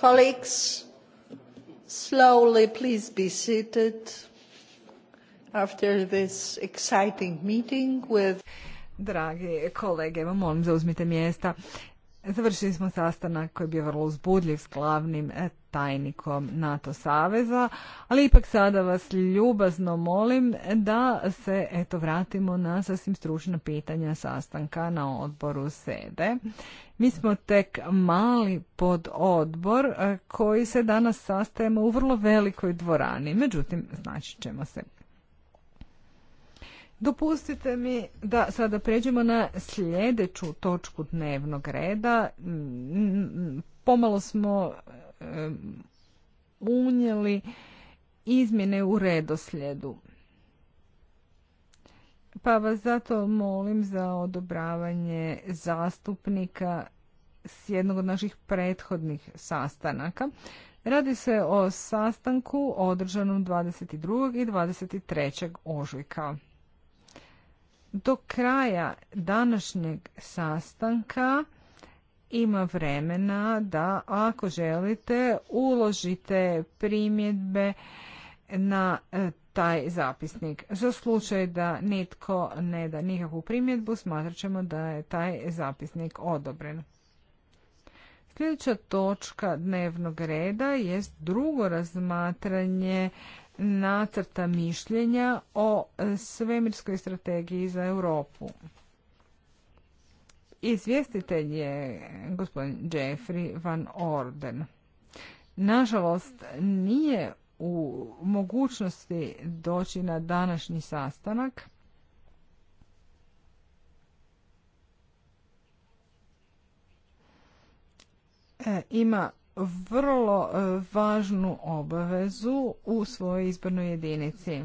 Colleagues, slowly please be seated after this exciting meeting with... Dragi kolege, molim zauzmite mjesta. Završili smo sastanak koji je bio vrlo uzbudljiv s glavnim e, tajnikom NATO saveza, ali ipak sada vas ljubazno molim da se eto vratimo na sasvim stručna pitanja sastanka na odboru sede. Mi smo tek mali pod odbor e, koji se danas sastajemo u vrlo velikoj dvorani, međutim znači ćemo se. Dopustite mi da sada pređemo na sljedeću točku dnevnog reda. Pomalo smo unijeli izmjene u redoslijedu. Pa vas zato molim za odobravanje zastupnika s jednog od naših prethodnih sastanaka. Radi se o sastanku održanom 22. i 23. ožujka do kraja današnjeg sastanka ima vremena da ako želite uložite primjedbe na e, taj zapisnik. Za slučaj da nitko ne da nikakvu primjedbu, smatrat ćemo da je taj zapisnik odobren. Sljedeća točka dnevnog reda jest drugo razmatranje nacrta mišljenja o e, svemirskoj strategiji za Europu. Izvjestitelj je gospodin Jeffrey van Orden. Nažalost, nije u mogućnosti doći na današnji sastanak. E, ima vrlo e, važnu obavezu u svojoj izbornoj jedinici.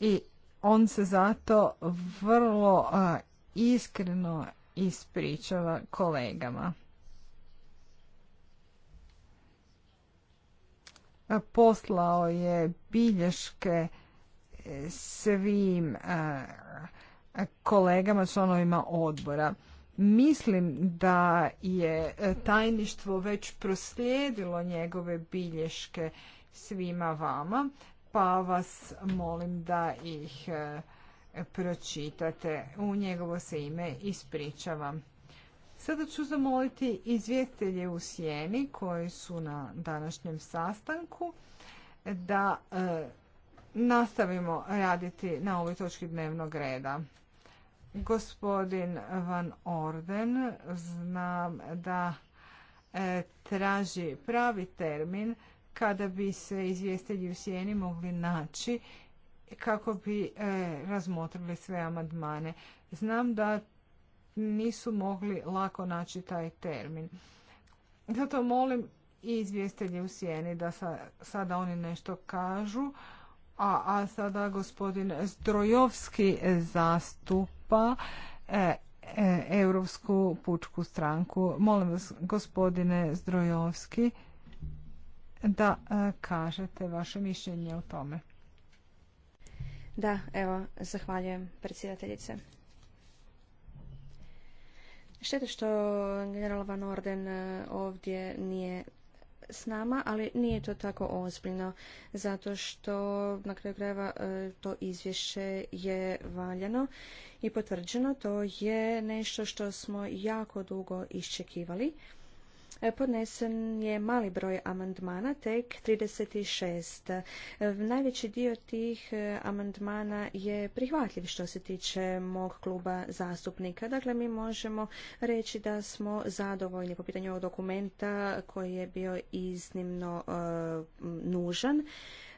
I on se zato vrlo e, iskreno ispričava kolegama. E, poslao je bilješke svim kolegama, članovima odbora. Mislim da je e, tajništvo već proslijedilo njegove bilješke svima vama, pa vas molim da ih e, pročitate. U njegovo se ime ispričavam. Sada ću zamoliti izvjestitelje u sjeni koji su na današnjem sastanku da e, nastavimo raditi na ovoj točki dnevnog reda. Gospodin Van Orden, znam da e, traži pravi termin kada bi se izvjestelji u sjeni mogli naći kako bi e, razmotrili sve amandmane. Znam da nisu mogli lako naći taj termin. Zato molim i izvjestelje u sjeni da sa, sada oni nešto kažu, a, a sada gospodin Zdrojovski e, zastup pa e, e, Europsku pučku stranku. Molim vas, gospodine Zdrojovski, da e, kažete vaše mišljenje o tome. Da, evo, zahvaljujem predsjedateljice. Šteta što general Van Orden ovdje nije s nama, ali nije to tako ozbiljno, zato što na kraju krajeva e, to izvješće je valjano i potvrđeno. To je nešto što smo jako dugo iščekivali. E, podnesen je mali broj amandmana, tek 36. E, najveći dio tih e, amandmana je prihvatljiv što se tiče mog kluba zastupnika. Dakle, mi možemo reći da smo zadovoljni po pitanju ovog dokumenta koji je bio iznimno nužan.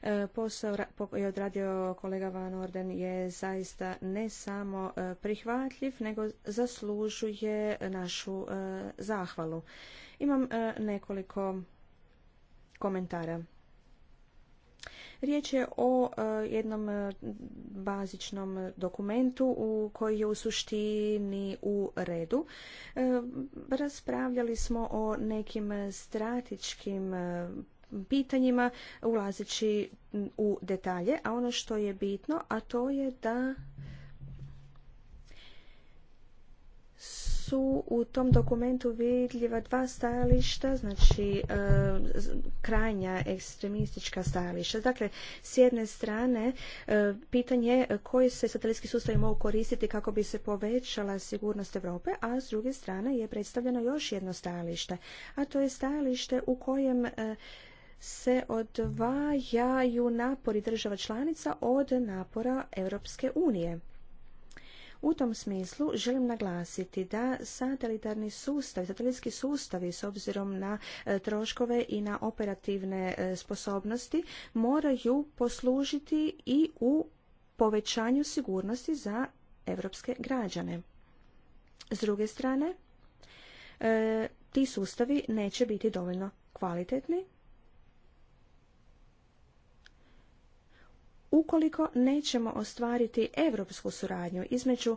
E, posao je odradio kolega Van Orden je zaista ne samo e, prihvatljiv, nego zaslužuje našu e, zahvalu. Imam nekoliko komentara. Riječ je o jednom bazičnom dokumentu u koji je u suštini u redu. Raspravljali smo o nekim strateškim pitanjima ulazeći u detalje, a ono što je bitno, a to je da su u tom dokumentu vidljiva dva stajališta, znači e, krajnja ekstremistička stajališta. Dakle, s jedne strane e, pitanje koji se satelitski sustavi mogu koristiti kako bi se povećala sigurnost Europe, a s druge strane je predstavljeno još jedno stajalište, a to je stajalište u kojem e, se odvajaju napori država članica od napora Europske unije. U tom smislu želim naglasiti da satelitarni sustav, satelitski sustavi s obzirom na e, troškove i na operativne e, sposobnosti moraju poslužiti i u povećanju sigurnosti za evropske građane. S druge strane, e, ti sustavi neće biti dovoljno kvalitetni ukoliko nećemo ostvariti europsku suradnju između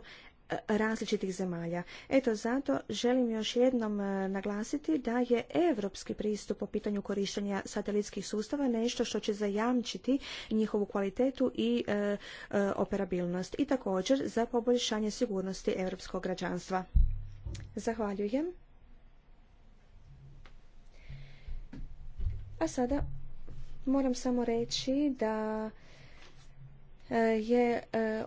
e, različitih zemalja. Eto, zato želim još jednom e, naglasiti da je evropski pristup po pitanju korištenja satelitskih sustava nešto što će zajamčiti njihovu kvalitetu i e, operabilnost i također za poboljšanje sigurnosti europskog građanstva. Zahvaljujem. A sada moram samo reći da E, je e,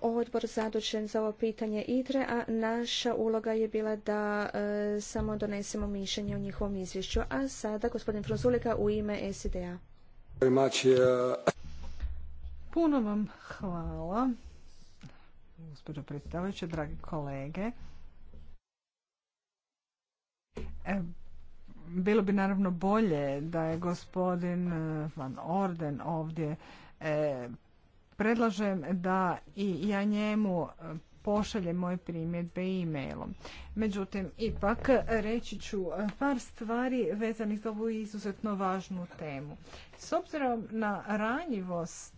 odbor zadužen za ovo pitanje ITRE, a naša uloga je bila da e, samo donesemo mišljenje o njihovom izvješću. A sada gospodin Frozulika u ime sid Puno vam hvala, gospođo predstavljajuća, dragi kolege. bilo bi naravno bolje da je gospodin Van Orden ovdje predlažem da i ja njemu e, pošaljem moje primjedbe e-mailom. Međutim, ipak e, reći ću e, par stvari vezanih za ovu izuzetno važnu temu. S obzirom na ranjivost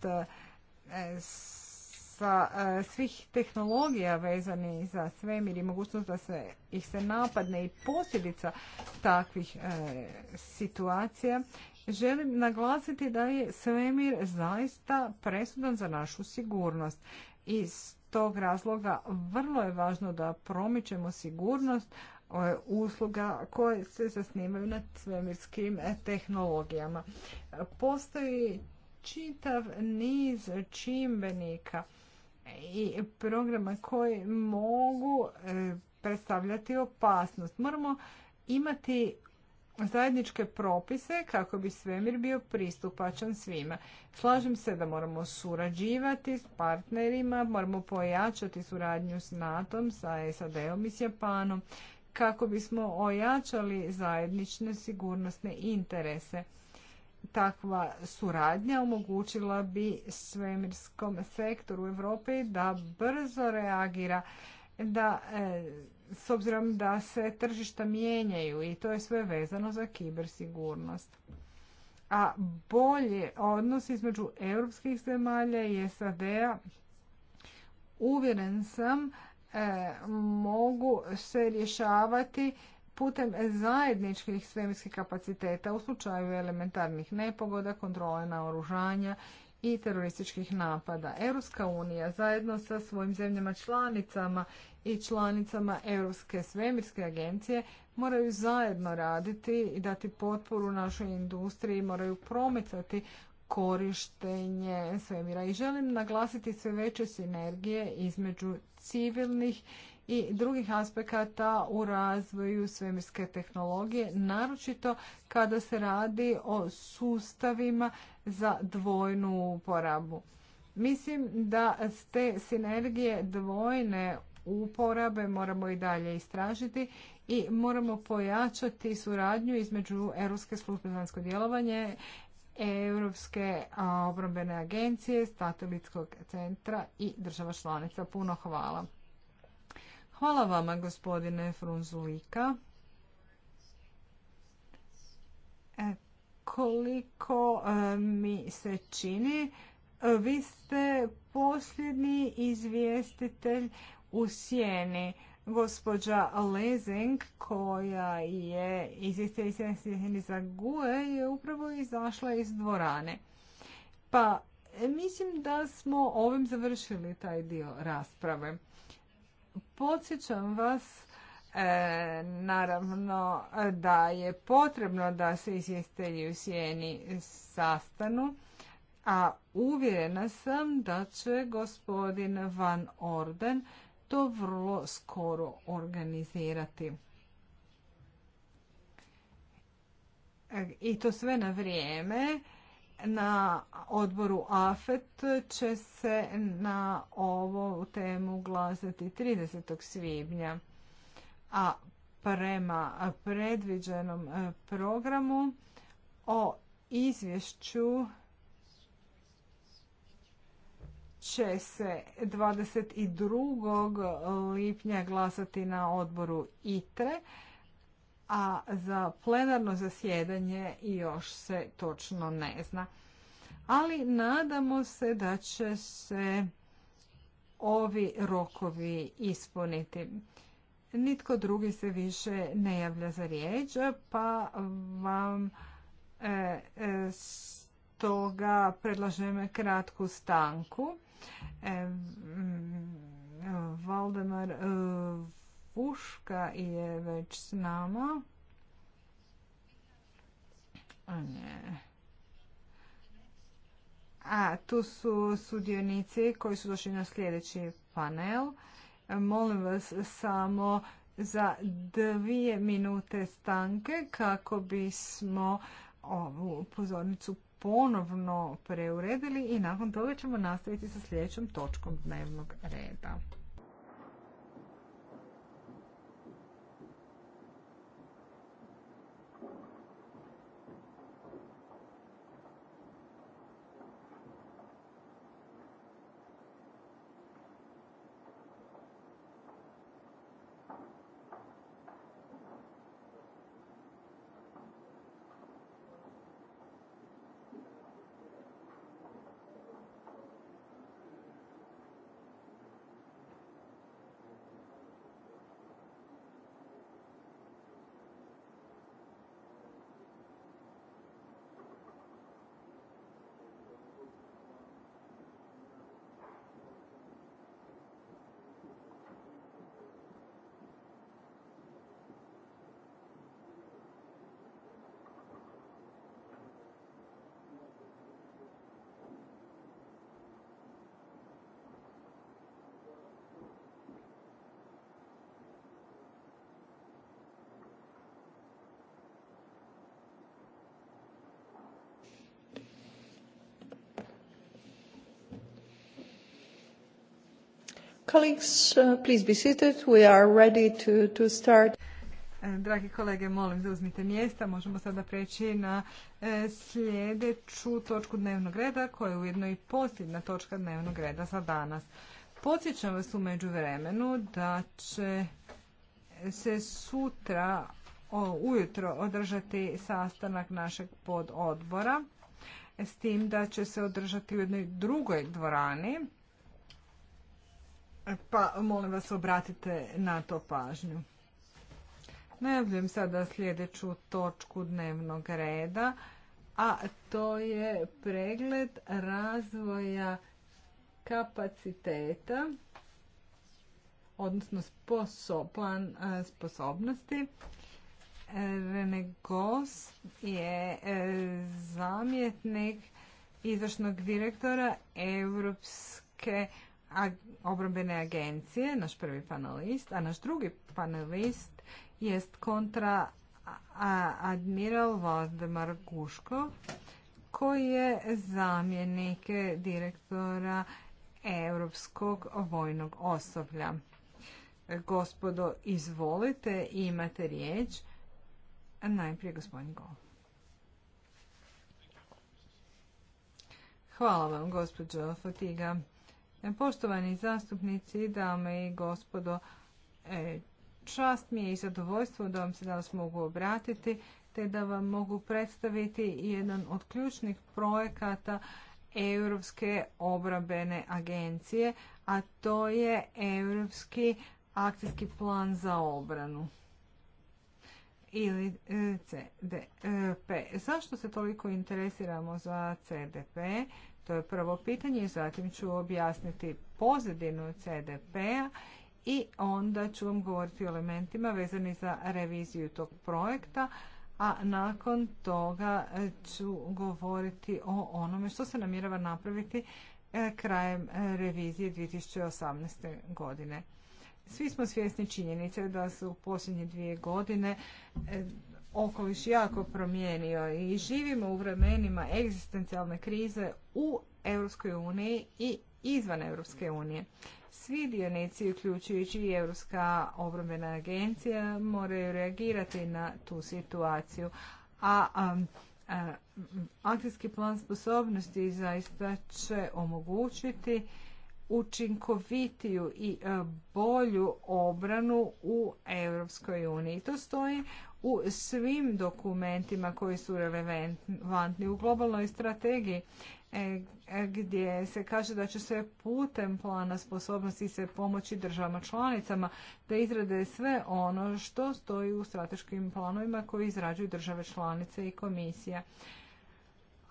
sa svih tehnologija vezani za svemir i mogućnost da se ih se napadne i posljedica takvih situacija želim naglasiti da je svemir zaista presudan za našu sigurnost. Iz tog razloga vrlo je važno da promičemo sigurnost e, usluga koje se zasnimaju nad svemirskim e, tehnologijama. Postoji čitav niz čimbenika i programa koji mogu e, predstavljati opasnost. Moramo imati zajedničke propise kako bi svemir bio pristupačan svima. Slažem se da moramo surađivati s partnerima, moramo pojačati suradnju s NATO-om, sa SAD-om i s Japanom kako bismo ojačali zajednične sigurnosne interese. Takva suradnja omogućila bi svemirskom sektoru Europe da brzo reagira da e, s obzirom da se tržišta mijenjaju i to je sve vezano za kibersigurnost. A bolje odnos između europskih zemalja i SAD-a uvjeren sam e, mogu se rješavati putem zajedničkih svemirskih kapaciteta u slučaju elementarnih nepogoda, kontrole na oružanja i terorističkih napada. Europska unija zajedno sa svojim zemljama članicama i članicama Europske svemirske agencije moraju zajedno raditi i dati potporu našoj industriji, moraju promicati korištenje svemira. I želim naglasiti sve veće sinergije između civilnih i drugih aspekata u razvoju svemirske tehnologije, naročito kada se radi o sustavima za dvojnu uporabu. Mislim da te sinergije dvojne uporabe moramo i dalje istražiti i moramo pojačati suradnju između Europske službe za vanjsko djelovanje, Europske obrambene agencije, Satelitskog centra i država članica. Puno hvala. Hvala vama, gospodine Frunzulika. E, koliko e, mi se čini, e, vi ste posljedni izvjestitelj u sjeni. Gospođa Lezing, koja je izvjestiteljica za GUE, je upravo izašla iz dvorane. Pa mislim da smo ovim završili taj dio rasprave. Podsjećam vas e, naravno da je potrebno da se izvjestelji u sjeni sastanu, a uvjerena sam da će gospodin Van Orden to vrlo skoro organizirati. E, I to sve na vrijeme na odboru AFET će se na ovu temu glasati 30. svibnja, a prema predviđenom e, programu o izvješću će se 22. lipnja glasati na odboru ITRE a za plenarno zasjedanje još se točno ne zna. Ali nadamo se da će se ovi rokovi ispuniti. Nitko drugi se više ne javlja za riječ, pa vam e, e, predlažem kratku stanku. E, Valdemar Puška je već s nama. A ne. A, tu su sudionici koji su došli na sljedeći panel. Molim vas samo za dvije minute stanke kako bismo ovu pozornicu ponovno preuredili i nakon toga ćemo nastaviti sa sljedećom točkom dnevnog reda. Uh, e, dragi kolege, molim zauzmite mjesta. Možemo sada preći na e, sljedeću točku dnevnog reda, koja je ujedno i posljedna točka dnevnog reda za danas. Podsjećam vas u međuvremenu da će se sutra ujutro održati sastanak našeg pododbora, s tim da će se održati u jednoj drugoj dvorani, pa molim vas obratite na to pažnju. Najavljujem sada sljedeću točku dnevnog reda, a to je pregled razvoja kapaciteta, odnosno plan e, sposobnosti. Rene Goss je e, zamjetnik izvršnog direktora Europske obrambene agencije, naš prvi panelist, a naš drugi panelist jest kontra admiral Valdemar Guškov, koji je zamjenik direktora Europskog vojnog osoblja. Gospodo, izvolite, imate riječ. Najprije gospodin Gol. Hvala vam, gospođo Fatiga. Poštovani zastupnici, dame i gospodo, e, čast mi je i zadovoljstvo da vam se danas mogu obratiti te da vam mogu predstaviti jedan od ključnih projekata Europske obrabene agencije, a to je Europski akcijski plan za obranu ili e, CDP. Zašto se toliko interesiramo za CDP? To je prvo pitanje i zatim ću objasniti pozadinu CDP-a i onda ću vam govoriti o elementima vezani za reviziju tog projekta, a nakon toga ću govoriti o onome što se namjerava napraviti e, krajem e, revizije 2018. godine. Svi smo svjesni činjenice da su u posljednje dvije godine e, okoliš jako promijenio i živimo u vremenima egzistencijalne krize u Europskoj uniji i izvan Europske unije. Svi dionici, uključujući i Europska obrambena agencija, moraju reagirati na tu situaciju. A, a, a akcijski plan sposobnosti zaista će omogućiti učinkovitiju i e, bolju obranu u Europskoj uniji. To stoji u svim dokumentima koji su relevantni u globalnoj strategiji e, e, gdje se kaže da će se putem plana sposobnosti se pomoći državama članicama da izrade sve ono što stoji u strateškim planovima koji izrađuju države članice i komisija.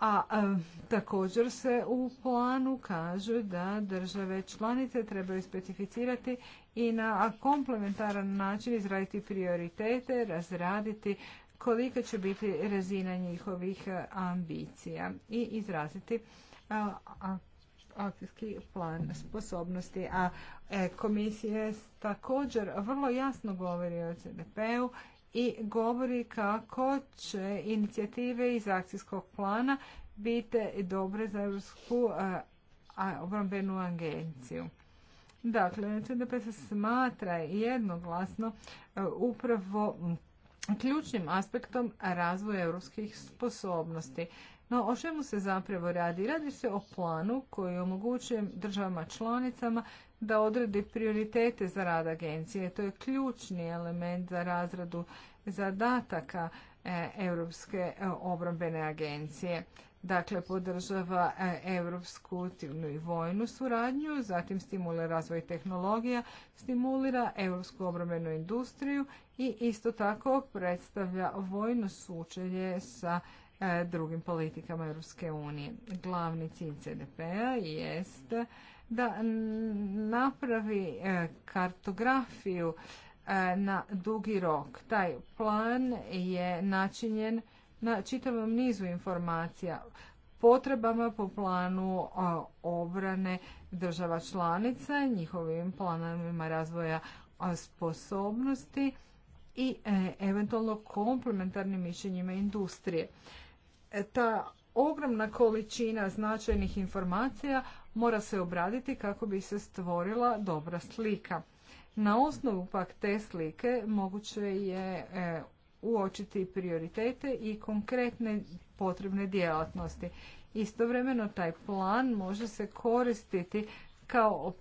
A e, također se u planu kaže da države članice trebaju specificirati i na komplementaran način izraditi prioritete, razraditi kolika će biti razina njihovih e, ambicija i izraziti e, akcijski plan sposobnosti. A komisija također vrlo jasno govori o CDP-u i govori kako će inicijative iz akcijskog plana biti dobre za Europsku obrambenu agenciju. Dakle, CDP se smatra jednoglasno e, upravo ključnim aspektom razvoja europskih sposobnosti. No, o čemu se zapravo radi? Radi se o planu koji omogućuje državama članicama da odredi prioritete za rad agencije. To je ključni element za razradu zadataka e, Europske e, obrambene agencije. Dakle, podržava e, europsku civilnu i vojnu suradnju, zatim stimulira razvoj tehnologija, stimulira europsku obrambenu industriju i isto tako predstavlja vojno sučelje sa drugim politikama Europske unije. Glavni cilj CDP-a jest da napravi e, kartografiju e, na dugi rok. Taj plan je načinjen na čitavom nizu informacija potrebama po planu e, obrane država članica, njihovim planovima razvoja sposobnosti i eventualno komplementarnim mišljenjima industrije. Ta ogromna količina značajnih informacija mora se obraditi kako bi se stvorila dobra slika. Na osnovu pak te slike moguće je e, uočiti prioritete i konkretne potrebne djelatnosti. Istovremeno taj plan može se koristiti kao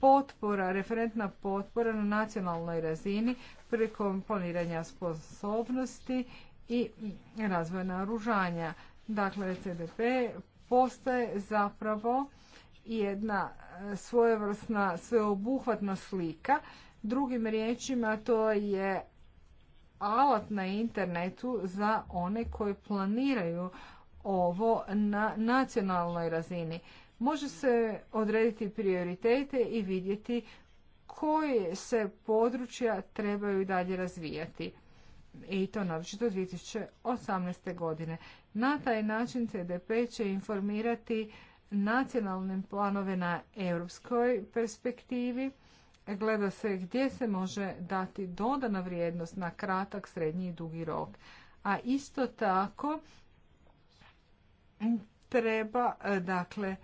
potpora, referentna potpora na nacionalnoj razini prilikom planiranja sposobnosti i razvoja naoružanja. Dakle, CDP postaje zapravo jedna e, svojevrsna sveobuhvatna slika. Drugim riječima, to je alat na internetu za one koji planiraju ovo na nacionalnoj razini. Može se odrediti prioritete i vidjeti koje se područja trebaju dalje razvijati. I to naročito 2018. godine. Na taj način CDP će informirati nacionalne planove na europskoj perspektivi. Gleda se gdje se može dati dodana vrijednost na kratak, srednji i dugi rok. A isto tako treba dakle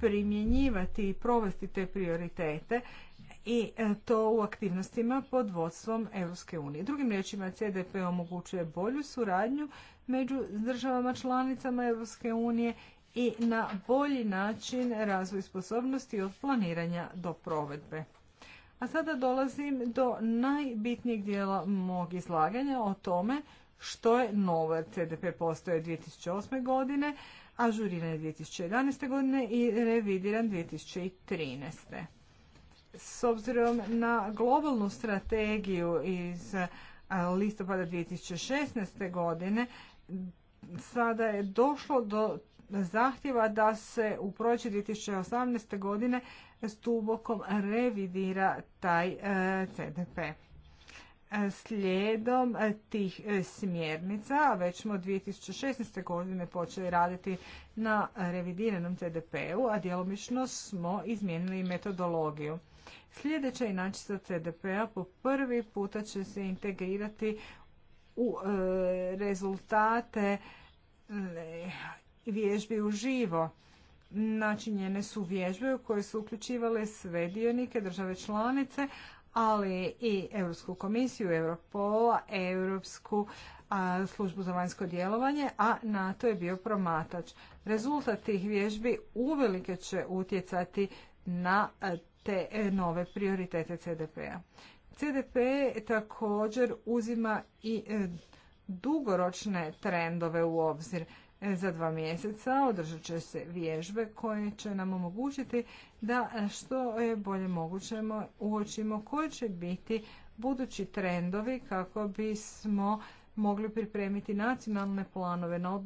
primjenjivati i provesti te prioritete i to u aktivnostima pod vodstvom Europske unije. Drugim riječima CDP omogućuje bolju suradnju među državama članicama Europske unije i na bolji način razvoj sposobnosti od planiranja do provedbe. A sada dolazim do najbitnijeg dijela mog izlaganja o tome što je novo. CDP postoje 2008. godine, ažuriran je 2011. godine i revidiran 2013. S obzirom na globalnu strategiju iz listopada 2016. godine sada je došlo do zahtjeva da se u proći 2018. godine s tubokom revidira taj e, CDP. E, slijedom tih e, smjernica već smo 2016. godine počeli raditi na revidiranom CDP-u, a djelomično smo izmijenili metodologiju. Sljedeća inačica CDP-a po prvi puta će se integrirati u e, rezultate vježbi u živo. Znači, njene su vježbe u koje su uključivale sve dionike države članice, ali i Europsku komisiju, Europola, Europsku a, službu za vanjsko djelovanje, a NATO je bio promatač. Rezultat tih vježbi uvelike će utjecati na e, te e, nove prioritete CDP-a. CDP također uzima i e, dugoročne trendove u obzir. E, za dva mjeseca održat će se vježbe koje će nam omogućiti da e, što je bolje mogućemo uočimo koji će biti budući trendovi kako bismo mogli pripremiti nacionalne planove na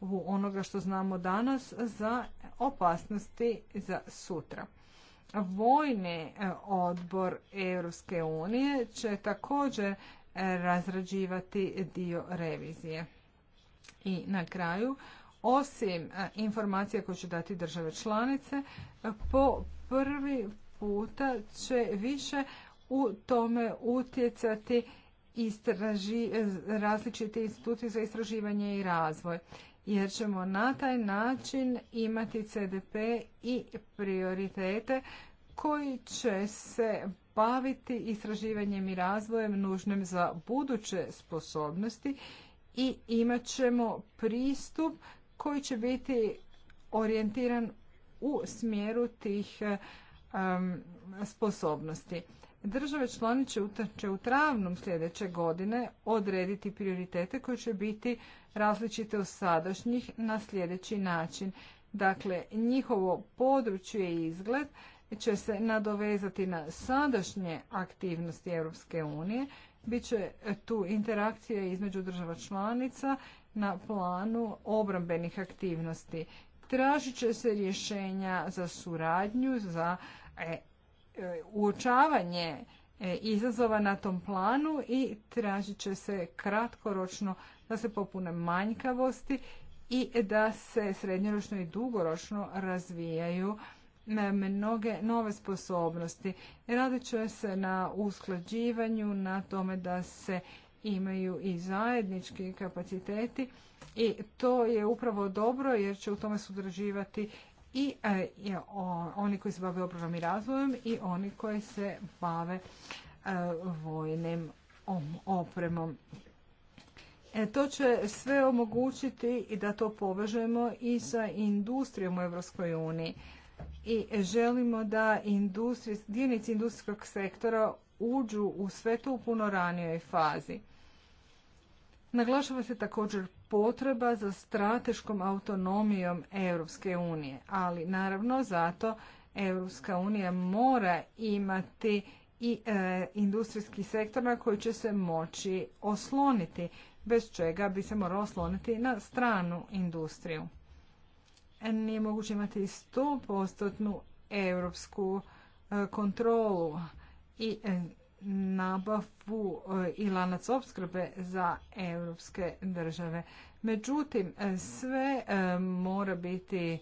u onoga što znamo danas za opasnosti za sutra. Vojni e, odbor Europske unije će također e, razrađivati dio revizije. I na kraju, osim e, informacija koje će dati države članice, po prvi puta će više u tome utjecati istraži, različite institucije za istraživanje i razvoj jer ćemo na taj način imati CDP i prioritete koji će se baviti istraživanjem i razvojem nužnim za buduće sposobnosti i imat ćemo pristup koji će biti orijentiran u smjeru tih sposobnosti. Države članice će u travnom sljedeće godine odrediti prioritete koji će biti različite od sadašnjih na sljedeći način. Dakle, njihovo područje i izgled će se nadovezati na sadašnje aktivnosti Europske unije, bit će tu interakcija između država članica na planu obrambenih aktivnosti. Tražit će se rješenja za suradnju, za e, e, uočavanje e, izazova na tom planu i tražit će se kratkoročno da se popune manjkavosti i da se srednjoročno i dugoročno razvijaju mnoge nove sposobnosti. Radit će se na usklađivanju, na tome da se imaju i zajednički kapaciteti i to je upravo dobro jer će u tome sudraživati i, e, oni koji se bave obranom i razvojem i oni koji se bave e, vojnim opremom. E, to će sve omogućiti i da to povežemo i sa industrijom u EU uniji. I želimo da industrij, industrijskog sektora uđu u sve to u puno ranijoj fazi. Naglašava se također potreba za strateškom autonomijom Europske unije, ali naravno zato Europska unija mora imati i e, industrijski sektor na koji će se moći osloniti bez čega bi se moralo osloniti na stranu industriju. Nije moguće imati 100% europsku e, kontrolu i e, nabavu e, i lanac opskrbe za europske države. Međutim, sve mora biti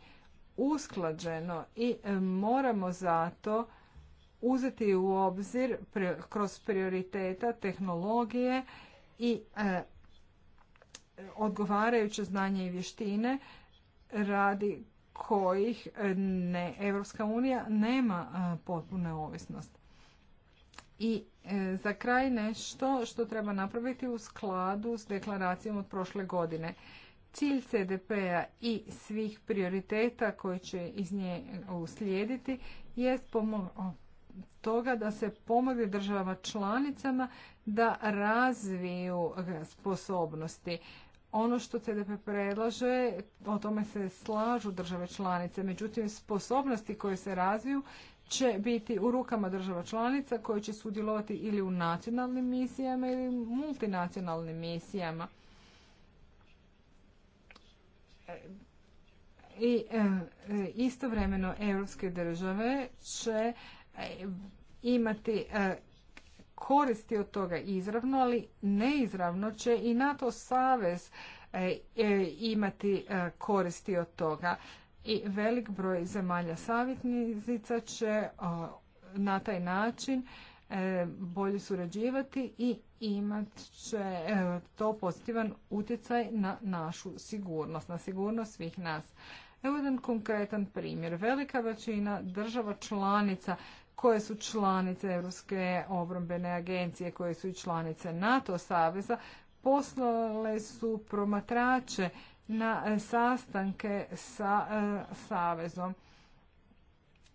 usklađeno i moramo zato uzeti u obzir kroz prioriteta tehnologije i odgovarajuće znanje i vještine radi kojih e, ne, Evropska unija nema e, potpune ovisnost. I e, za kraj nešto što treba napraviti u skladu s deklaracijom od prošle godine. Cilj CDP-a i svih prioriteta koji će iz nje uslijediti je toga da se pomogne državama članicama da razviju sposobnosti. Ono što CDP predlaže, o tome se slažu države članice, međutim sposobnosti koje se razviju će biti u rukama država članica koje će sudjelovati ili u nacionalnim misijama ili multinacionalnim misijama. I e, e, istovremeno europske države će E, imati e, koristi od toga izravno, ali neizravno će i NATO savez e, imati koristi od toga. I velik broj zemalja savjetnica će na taj način bolje surađivati i imat će to pozitivan utjecaj na našu sigurnost, na sigurnost svih nas. Evo jedan konkretan primjer. Velika većina država članica koje su članice Europske obrambene agencije, koje su i članice NATO saveza, poslale su promatrače na e, sastanke sa e, savezom.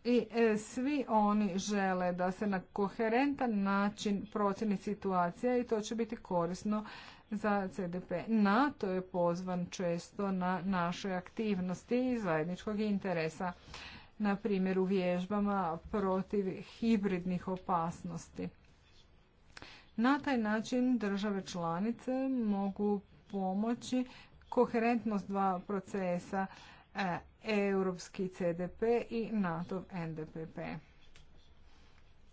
I e, svi oni žele da se na koherentan način procjeni situacija i to će biti korisno za CDP. NATO je pozvan često na naše aktivnosti i zajedničkog interesa na primjer u vježbama protiv hibridnih opasnosti. Na taj način države članice mogu pomoći koherentnost dva procesa e, europski CDP i NATO NDPP.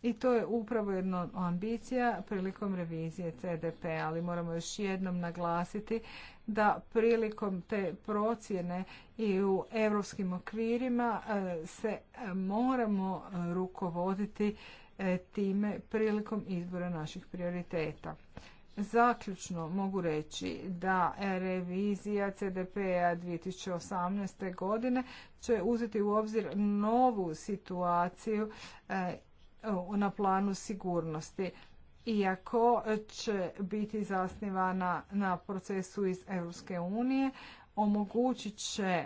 I to je upravo jedna ambicija prilikom revizije CDP, ali moramo još jednom naglasiti da prilikom te procjene i u europskim okvirima e, se e, moramo e, rukovoditi time prilikom izbora naših prioriteta. Zaključno mogu reći da revizija CDP-a 2018. godine će uzeti u obzir novu situaciju na planu sigurnosti. Iako će biti zasnivana na procesu iz Europske unije, omogućit će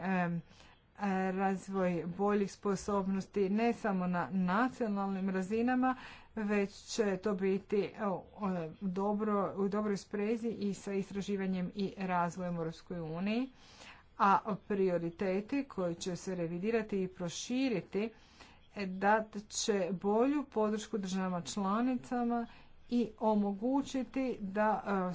razvoj boljih sposobnosti ne samo na nacionalnim razinama, već će to biti u dobroj sprezi i sa istraživanjem i razvojem u Europskoj uniji, a prioriteti koji će se revidirati i proširiti dat će bolju podršku državama članicama i omogućiti da e,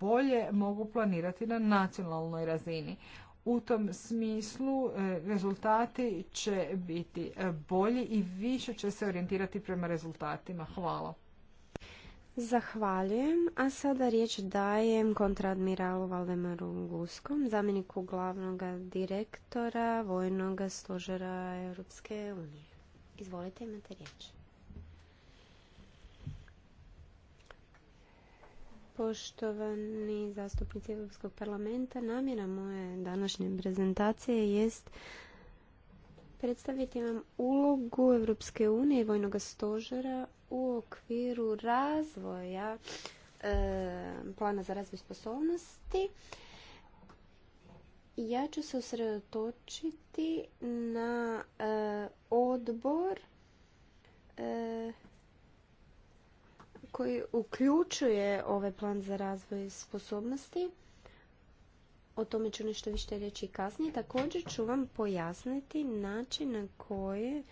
bolje mogu planirati na nacionalnoj razini. U tom smislu e, rezultati će biti e, bolji i više će se orijentirati prema rezultatima. Hvala. Zahvaljujem, a sada riječ dajem kontradmiralu Valdemaru Guskom, zamjeniku glavnog direktora Vojnog stožera Europske unije. Izvolite, imate riječ. Poštovani zastupnici Europskog parlamenta, namjera moje današnje prezentacije jest predstaviti vam ulogu Europske unije i Vojnog stožera u okviru razvoja e, plana za razvoj sposobnosti ja ću se usredotočiti na e, odbor e, koji uključuje ovaj plan za razvoj sposobnosti. O tome ću nešto više reći kasnije. Također ću vam pojasniti način na koji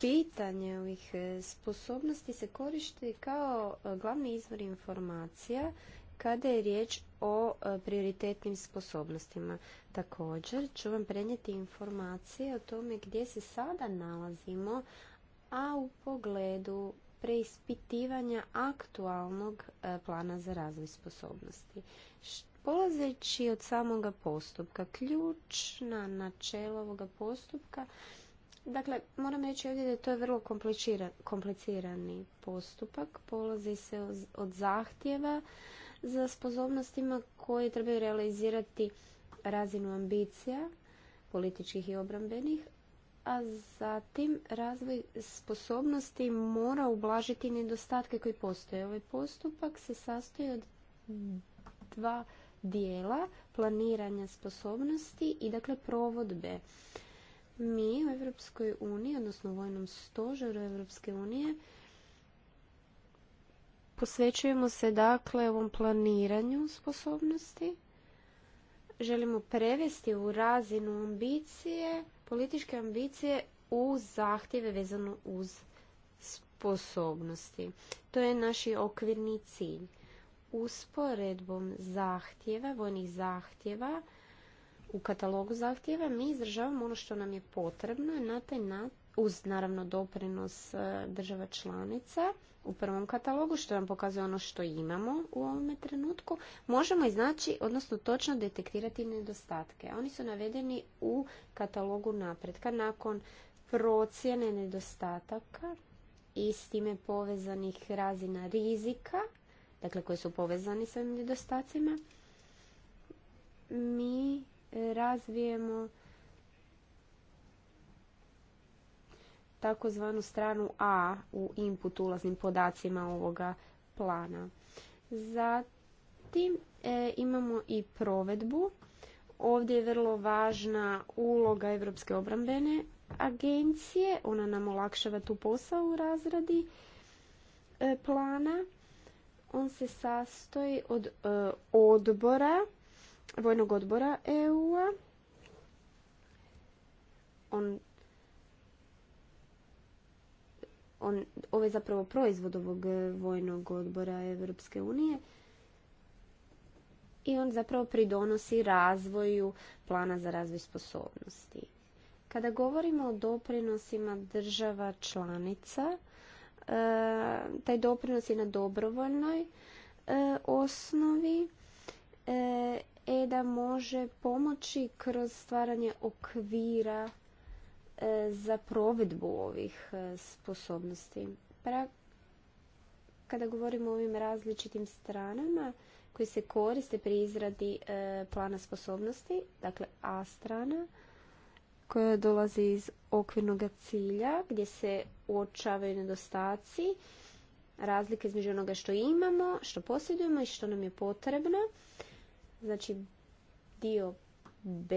pitanje ovih e, sposobnosti se koristi kao glavni izvor informacija kada je riječ o e, prioritetnim sposobnostima. Također ću vam prenijeti informacije o tome gdje se sada nalazimo, a u pogledu preispitivanja aktualnog e, plana za razvoj sposobnosti. Polazeći od samoga postupka, ključna načela ovoga postupka, dakle, moram reći ovdje da je to vrlo komplicirani postupak, polazi se od zahtjeva za sposobnostima koje trebaju realizirati razinu ambicija, političkih i obrambenih, a zatim razvoj sposobnosti mora ublažiti nedostatke koji postoje. Ovaj postupak se sastoji od dva dijela planiranja sposobnosti i dakle provodbe. Mi u Europskoj uniji, odnosno u vojnom stožeru Europske unije, Posvećujemo se dakle ovom planiranju sposobnosti. Želimo prevesti u razinu ambicije, političke ambicije u zahtjeve vezano uz sposobnosti. To je naš okvirni cilj. Usporedbom zahtjeva, vojnih zahtjeva, u katalogu zahtjeva mi izražavamo ono što nam je potrebno na taj uz naravno doprinos e, država članica u prvom katalogu, što nam pokazuje ono što imamo u ovome trenutku, možemo iznaći, odnosno točno detektirati nedostatke. Oni su navedeni u katalogu napretka nakon procjene nedostataka i s time povezanih razina rizika, dakle koji su povezani sa nedostacima, mi razvijemo takozvanu stranu A u input ulaznim podacima ovoga plana. Zatim e, imamo i provedbu. Ovdje je vrlo važna uloga Europske obrambene agencije. Ona nam olakšava tu posao u razradi e, plana. On se sastoji od e, odbora, vojnog odbora EU-a. On on, ovo je zapravo proizvod ovog e, vojnog odbora Evropske unije i on zapravo pridonosi razvoju plana za razvoj sposobnosti. Kada govorimo o doprinosima država članica, e, taj doprinos je na dobrovoljnoj e, osnovi da može pomoći kroz stvaranje okvira E, za provedbu ovih e, sposobnosti. kada govorimo o ovim različitim stranama koji se koriste pri izradi e, plana sposobnosti, dakle A strana, koja dolazi iz okvirnog cilja gdje se uočavaju nedostaci, razlike između onoga što imamo, što posjedujemo i što nam je potrebno. Znači, dio B,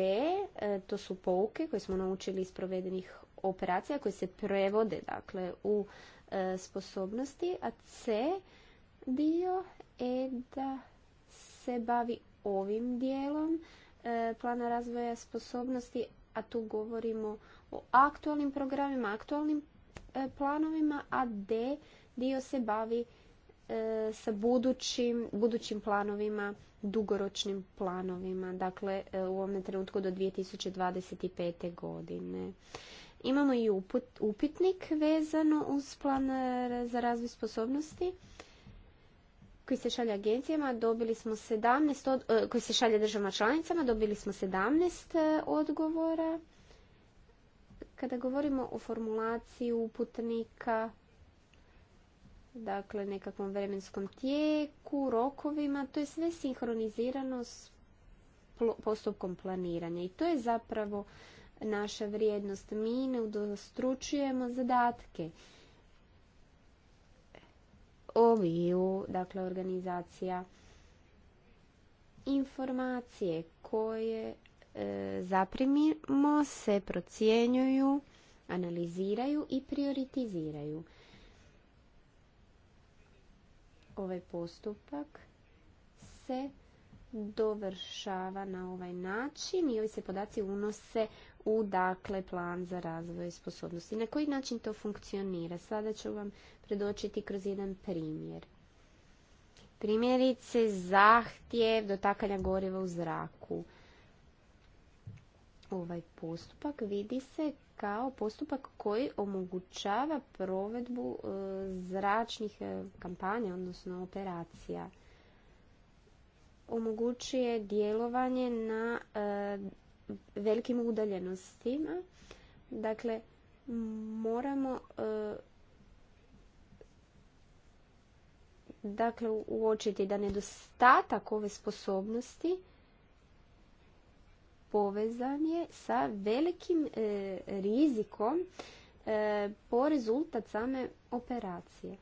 e, to su pouke koje smo naučili iz provedenih operacija koje se prevode dakle, u e, sposobnosti, a C dio je da se bavi ovim dijelom e, plana razvoja sposobnosti, a tu govorimo o aktualnim programima, aktualnim planovima, a D dio se bavi E, sa budućim, budućim planovima, dugoročnim planovima, dakle e, u ovom trenutku do 2025. godine. Imamo i upitnik vezano uz plan e, za razvoj sposobnosti koji se šalje agencijama, dobili smo 17, od, koji se šalje državama članicama, dobili smo 17 odgovora. Kada govorimo o formulaciji uputnika, dakle nekakvom vremenskom tijeku, rokovima, to je sve sinhronizirano s postupkom planiranja i to je zapravo naša vrijednost. Mi ne udostručujemo zadatke oviju, dakle organizacija informacije koje e, zaprimimo se procjenjuju, analiziraju i prioritiziraju ovaj postupak se dovršava na ovaj način i ovi se podaci unose u dakle plan za razvoj sposobnosti. Na koji način to funkcionira? Sada ću vam predočiti kroz jedan primjer. Primjerice zahtjev dotakanja goriva u zraku ovaj postupak vidi se kao postupak koji omogućava provedbu e, zračnih e, kampanja, odnosno operacija. Omogućuje djelovanje na e, velikim udaljenostima. Dakle, moramo dakle, uočiti da nedostatak ove sposobnosti povezan je sa velikim e, rizikom e, po rezultat same operacije.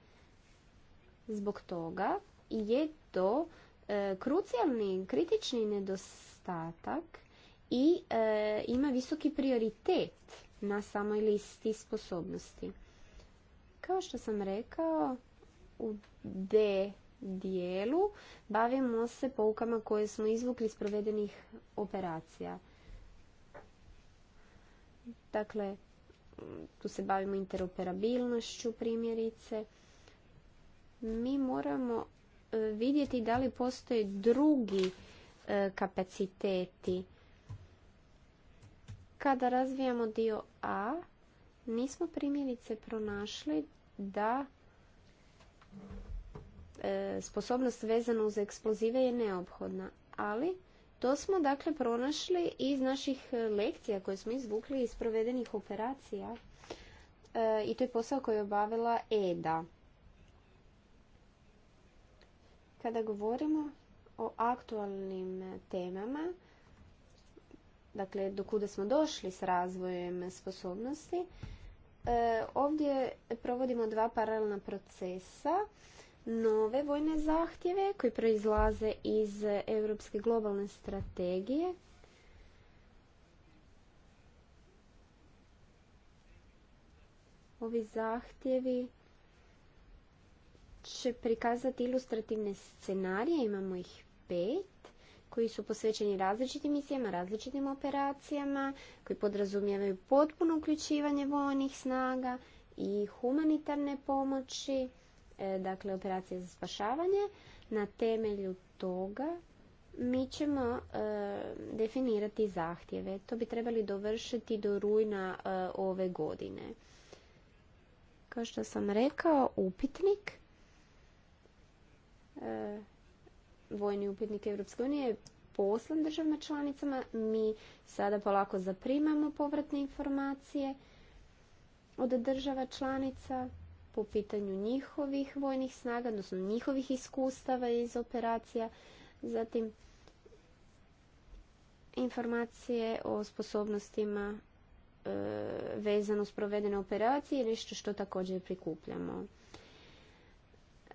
Zbog toga je to e, krucijalni, kritični nedostatak i ima visoki prioritet na samoj listi sposobnosti. Kao što sam rekao, u D dijelu bavimo se poukama koje smo izvukli iz provedenih operacija. Dakle, tu se bavimo interoperabilnošću primjerice. Mi moramo e, vidjeti da li postoje drugi e, kapaciteti. Kada razvijamo dio A, nismo primjerice pronašli da sposobnost vezana uz eksplozive je neophodna, ali to smo dakle pronašli iz naših e, lekcija koje smo izvukli iz provedenih operacija e, i to je posao koji je obavila EDA. Kada govorimo o aktualnim temama, dakle do kuda smo došli s razvojem sposobnosti, e, ovdje provodimo dva paralelna procesa nove vojne zahtjeve koji proizlaze iz Europske globalne strategije. Ovi zahtjevi će prikazati ilustrativne scenarije, imamo ih pet, koji su posvećeni različitim misijama, različitim operacijama, koji podrazumijevaju potpuno uključivanje vojnih snaga i humanitarne pomoći E, dakle operacije za spašavanje na temelju toga mi ćemo e, definirati zahtjeve to bi trebali dovršiti do rujna e, ove godine kao što sam rekao upitnik vojni upitnik eu je poslan državama članicama mi sada polako zaprimamo povratne informacije od država članica po pitanju njihovih vojnih snaga, odnosno njihovih iskustava iz operacija, zatim informacije o sposobnostima e, vezano s provedene operacije, nešto što također prikupljamo.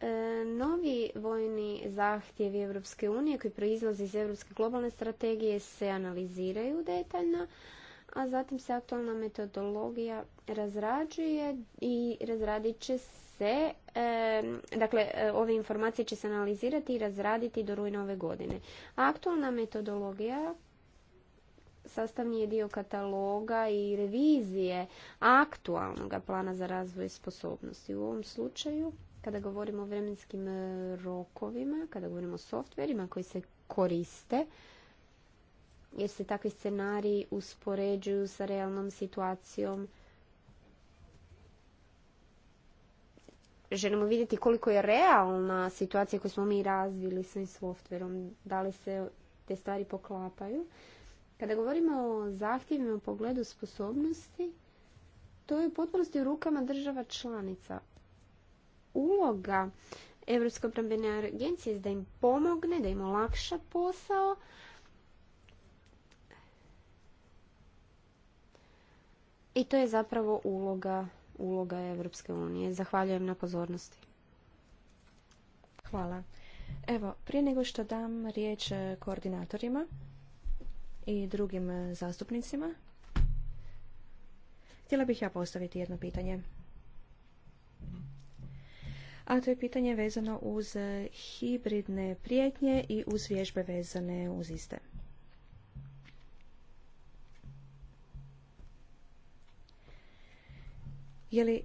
E, novi vojni zahtjevi Europske unije koji proizlaze iz Europske globalne strategije se analiziraju detaljno, a zatim se aktualna metodologija razrađuje i razradit će se, e, dakle e, ove informacije će se analizirati i razraditi do rujna ove godine. Aktualna metodologija sastavni je dio kataloga i revizije aktualnog plana za razvoj sposobnosti. U ovom slučaju, kada govorimo o vremenskim e, rokovima, kada govorimo o softverima koji se koriste, jer se takvi scenariji uspoređuju sa realnom situacijom. Želimo vidjeti koliko je realna situacija koju smo mi razvili svojim softverom, da li se te stvari poklapaju. Kada govorimo o zahtjevima u pogledu sposobnosti, to je u potpunosti u rukama država članica. Uloga Europske obrambene agencije je da im pomogne, da im olakša posao, I to je zapravo uloga, uloga Evropske unije. Zahvaljujem na pozornosti. Hvala. Evo, prije nego što dam riječ e, koordinatorima i drugim e, zastupnicima, htjela bih ja postaviti jedno pitanje. A to je pitanje vezano uz e, hibridne prijetnje i uz vježbe vezane uz iste. Je li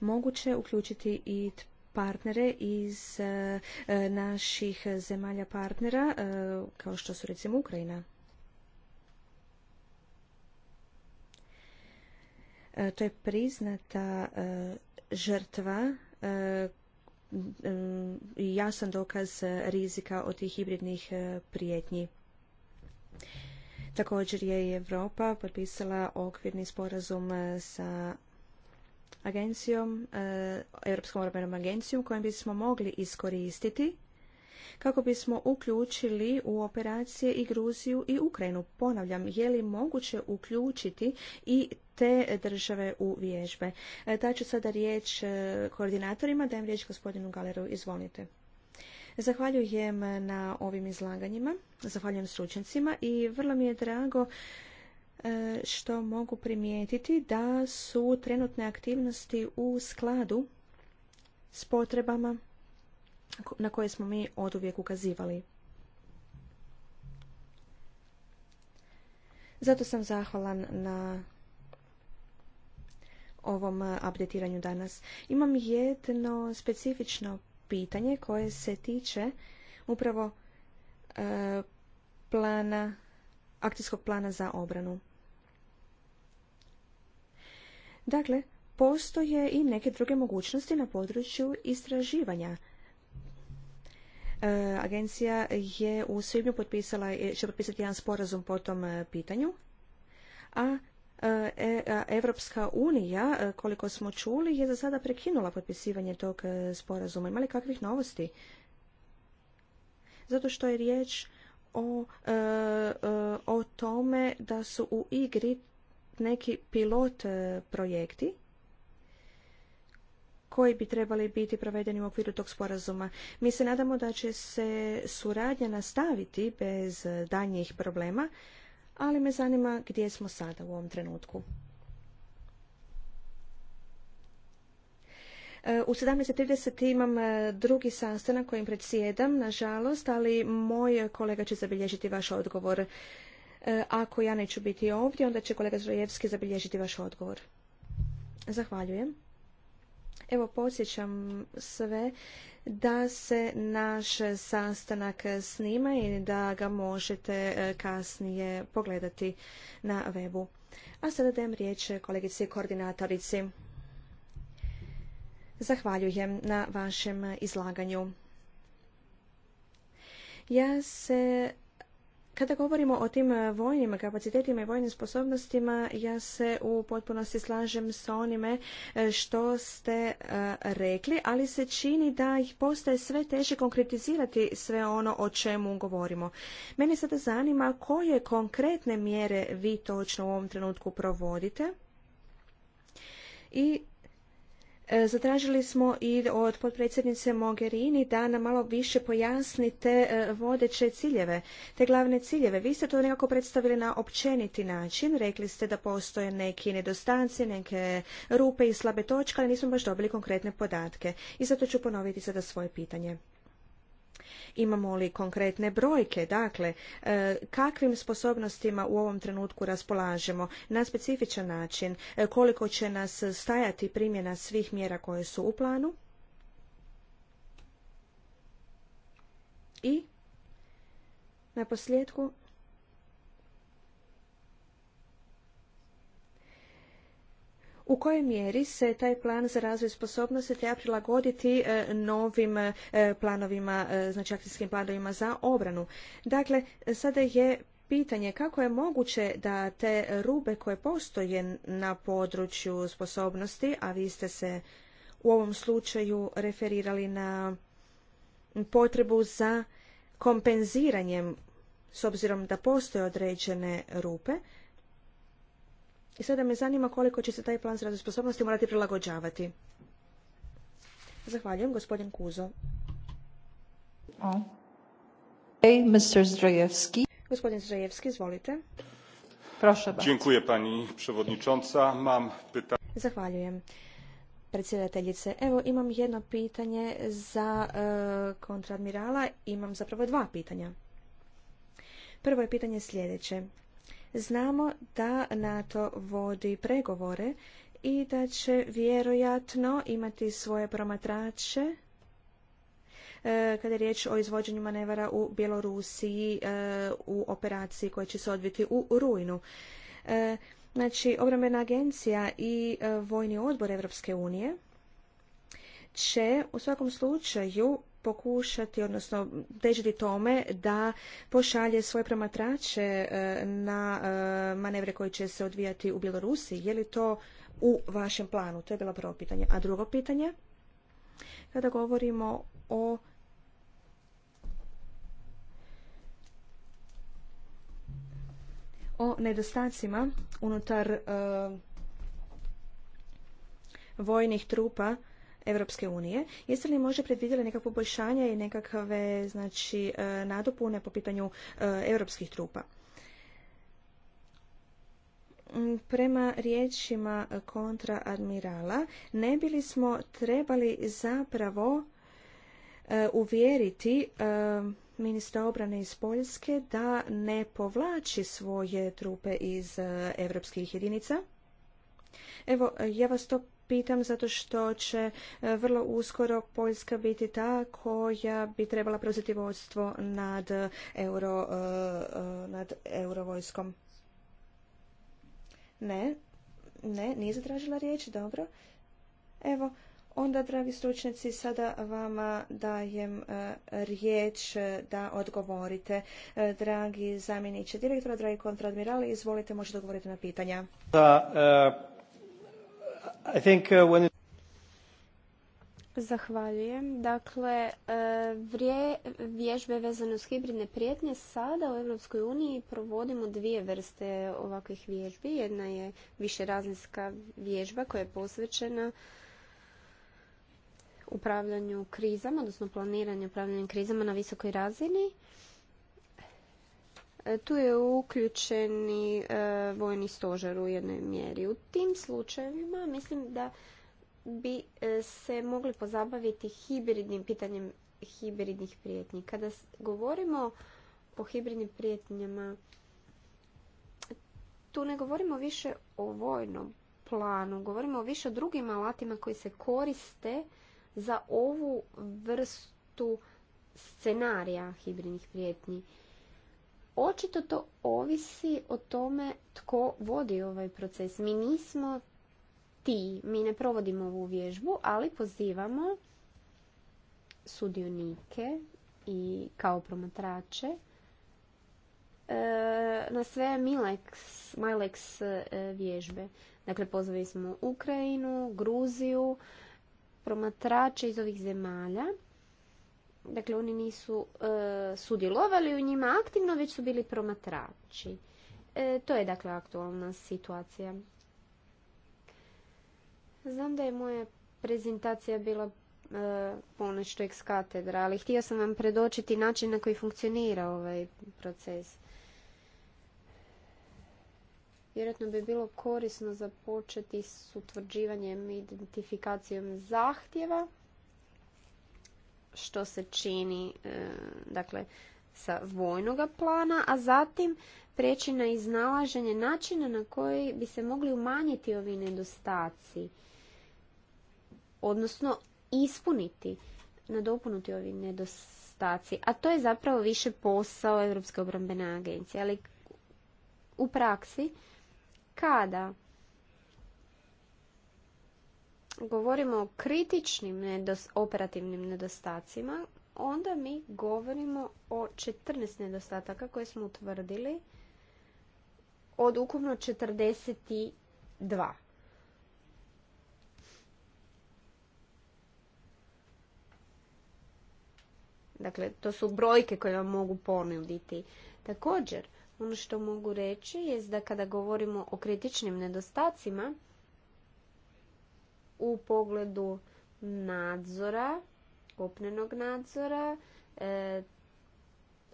moguće uključiti i partnere iz e, naših zemalja partnera, e, kao što su recimo Ukrajina? E, to je priznata žrtva jasan dokaz rizika od tih hibridnih prijetnji. Također je i Europa potpisala okvirni sporazum sa agencijom, eh, Europskom obrambenom agencijom kojom bismo mogli iskoristiti kako bismo uključili u operacije i Gruziju i Ukrajinu. Ponavljam, je li moguće uključiti i te države u vježbe? Eh, da ću sada riječ eh, koordinatorima, dajem riječ gospodinu Galeru, izvolite. Zahvaljujem na ovim izlaganjima, zahvaljujem stručnjacima i vrlo mi je drago E, što mogu primijetiti da su trenutne aktivnosti u skladu s potrebama na koje smo mi oduvijek ukazivali. Zato sam zahvalan na ovom updateiranju danas. Imam jedno specifično pitanje koje se tiče upravo e, plana, akcijskog plana za obranu. Dakle, postoje i neke druge mogućnosti na području istraživanja. E, agencija je u svibnju potpisala, e, će potpisati jedan sporazum po tom e, pitanju, a Evropska unija, koliko smo čuli, je za sada prekinula potpisivanje tog sporazuma. Ima li kakvih novosti? Zato što je riječ o, o tome da su u igri neki pilot e, projekti koji bi trebali biti provedeni u okviru tog sporazuma. Mi se nadamo da će se suradnja nastaviti bez danjih problema, ali me zanima gdje smo sada u ovom trenutku. E, u 17.30 imam e, drugi sastanak kojim predsjedam, nažalost, ali moj kolega će zabilježiti vaš odgovor. E, ako ja neću biti ovdje, onda će kolega Zrojevski zabilježiti vaš odgovor. Zahvaljujem. Evo podsjećam sve da se naš sastanak snima i da ga možete e, kasnije pogledati na webu. A sada dajem riječ kolegici koordinatorici. Zahvaljujem na vašem izlaganju. Ja se kada govorimo o tim e, vojnim kapacitetima i vojnim sposobnostima, ja se u potpunosti slažem sa onime e, što ste e, rekli, ali se čini da ih postaje sve teže konkretizirati sve ono o čemu govorimo. Mene sada zanima koje konkretne mjere vi točno u ovom trenutku provodite i E, zatražili smo i od potpredsjednice Mogherini da nam malo više pojasnite e, vodeće ciljeve, te glavne ciljeve. Vi ste to nekako predstavili na općeniti način. Rekli ste da postoje neki nedostanci, neke rupe i slabe točke, ali nismo baš dobili konkretne podatke. I zato ću ponoviti sada svoje pitanje. Imamo li konkretne brojke? Dakle, e, kakvim sposobnostima u ovom trenutku raspolažemo na specifičan način? E, koliko će nas stajati primjena svih mjera koje su u planu? I na posljedku u kojoj mjeri se taj plan za razvoj sposobnosti treba prilagoditi e, novim e, planovima, e, znači akcijskim planovima za obranu. Dakle, sada je pitanje kako je moguće da te rube koje postoje na području sposobnosti, a vi ste se u ovom slučaju referirali na potrebu za kompenziranjem s obzirom da postoje određene rupe, i sada me zanima koliko će se taj plan zradu sposobnosti morati prilagođavati. Zahvaljujem, gospodin Kuzo. Oh. Mr. Gospodin Zdrajevski izvolite. Dziękuję pani przewodnicząca. Mam pytanie. Zahvaljujem predsjedateljice. Evo imam jedno pitanje za e, kontradmirala, imam zapravo dva pitanja. Prvo je pitanje sljedeće. Znamo da NATO vodi pregovore i da će vjerojatno imati svoje promatrače e, kada je riječ o izvođenju manevara u Bjelorusiji e, u operaciji koja će se odviti u rujnu. E, znači, obrambena agencija i vojni odbor Europske unije će u svakom slučaju pokušati, odnosno težiti tome da pošalje svoje promatrače e, na e, manevre koji će se odvijati u Bjelorusiji? Je li to u vašem planu? To je bilo prvo pitanje. A drugo pitanje? Kada govorimo o o nedostacima unutar e, vojnih trupa Europske unije. Jeste li možda predvidjeli neka poboljšanja i nekakve znači, e, nadopune po pitanju europskih trupa? Mm, prema riječima kontraadmirala, ne bili smo trebali zapravo e, uvjeriti e, ministra obrane iz Poljske da ne povlači svoje trupe iz evropskih jedinica? Evo, ja vas to pitam zato što će e, vrlo uskoro Poljska biti ta koja bi trebala preuzeti vodstvo nad, euro, e, e, nad eurovojskom. Ne, ne, nije zatražila riječ, dobro. Evo, onda, dragi stručnici, sada vama dajem riječ da odgovorite. dragi zamjeniče direktora, dragi kontradmirali, izvolite, možete odgovoriti na pitanja. Da, Uh, Zahvaljujem. Dakle, e, vrije, vježbe vezane uz hibridne prijetnje sada u Europskoj uniji provodimo dvije vrste ovakvih vježbi. Jedna je višerazinska vježba koja je posvećena upravljanju krizama, odnosno planiranju upravljanju krizama na visokoj razini. E, tu je uključeni e, vojni stožer u jednoj mjeri. U tim slučajevima mislim da bi e, se mogli pozabaviti hibridnim pitanjem hibridnih prijetnji. Kada govorimo o hibridnim prijetnjama, tu ne govorimo više o vojnom planu, govorimo više o drugim alatima koji se koriste za ovu vrstu scenarija hibridnih prijetnji očito to ovisi o tome tko vodi ovaj proces. Mi nismo ti, mi ne provodimo ovu vježbu, ali pozivamo sudionike i kao promatrače e, na sve Milex, Milex e, vježbe. Dakle, pozvali smo Ukrajinu, Gruziju, promatrače iz ovih zemalja Dakle, oni nisu e, sudjelovali u njima aktivno, već su bili promatrači. E, to je dakle aktualna situacija. Znam da je moja prezentacija bila e, ponešto eks katedra, ali htio sam vam predočiti način na koji funkcionira ovaj proces. Vjerojatno bi bilo korisno započeti s utvrđivanjem i identifikacijom zahtjeva što se čini e, dakle, sa vojnoga plana, a zatim preći na iznalaženje načina na koji bi se mogli umanjiti ovi nedostaci, odnosno ispuniti, nadopunuti ovi nedostaci. A to je zapravo više posao Europske obrambene agencije. Ali u praksi, kada govorimo o kritičnim operativnim nedostacima, onda mi govorimo o 14 nedostataka koje smo utvrdili od ukupno 42. Dakle, to su brojke koje vam mogu ponuditi. Također, ono što mogu reći je da kada govorimo o kritičnim nedostacima, u pogledu nadzora, kopnenog nadzora, e,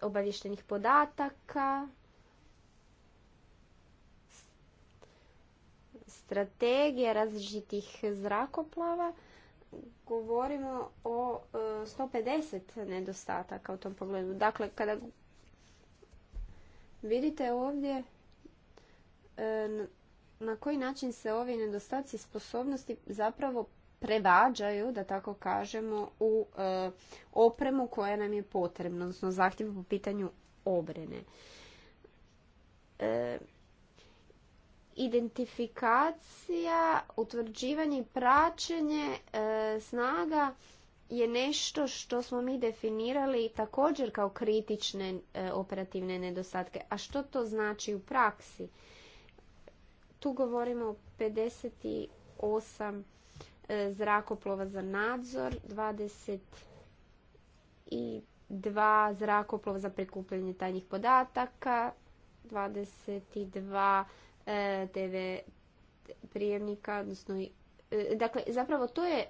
obavještenih podataka, strategije različitih zrakoplava, govorimo o 150 e, nedostataka u tom pogledu. Dakle, kada vidite ovdje e, na koji način se ovi nedostaci sposobnosti zapravo prevađaju, da tako kažemo, u e, opremu koja nam je potrebna, odnosno zahtjev po pitanju obrene e, identifikacija, utvrđivanje i praćenje e, snaga je nešto što smo mi definirali također kao kritične operativne nedostatke. A što to znači u praksi? Tu govorimo o 58 e, zrakoplova za nadzor, 22 zrakoplova za prikupljanje tajnih podataka, 22 e, TV prijemnika, odnosno, e, dakle, zapravo to je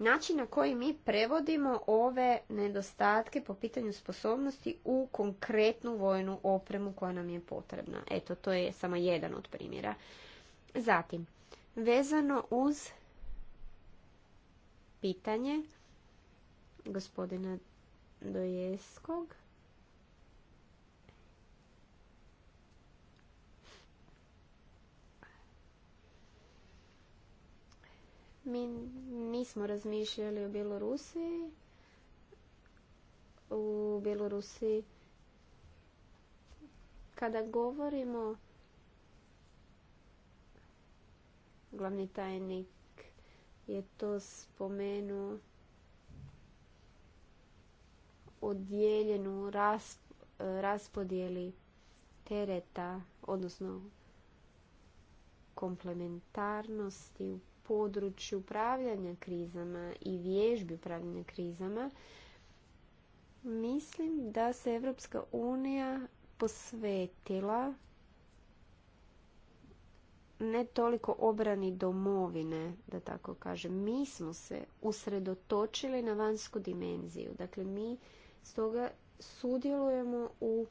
način na koji mi prevodimo ove nedostatke po pitanju sposobnosti u konkretnu vojnu opremu koja nam je potrebna. Eto, to je samo jedan od primjera. Zatim, vezano uz pitanje gospodina Dojeskog, Mi nismo razmišljali o Bjelorusiji. U Bjelorusiji kada govorimo glavni tajnik je to spomenuo odijeljenu raspodjeli tereta, odnosno komplementarnosti u području upravljanja krizama i vježbi upravljanja krizama, mislim da se Evropska unija posvetila ne toliko obrani domovine, da tako kažem. Mi smo se usredotočili na vanjsku dimenziju. Dakle, mi stoga sudjelujemo u